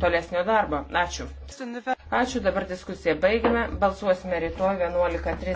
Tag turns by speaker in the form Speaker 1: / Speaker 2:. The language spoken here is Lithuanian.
Speaker 1: tolesnio darbo. Ačiū. Ačiū, dabar diskusiją baigiame. Balsuosime rytoj 11.30.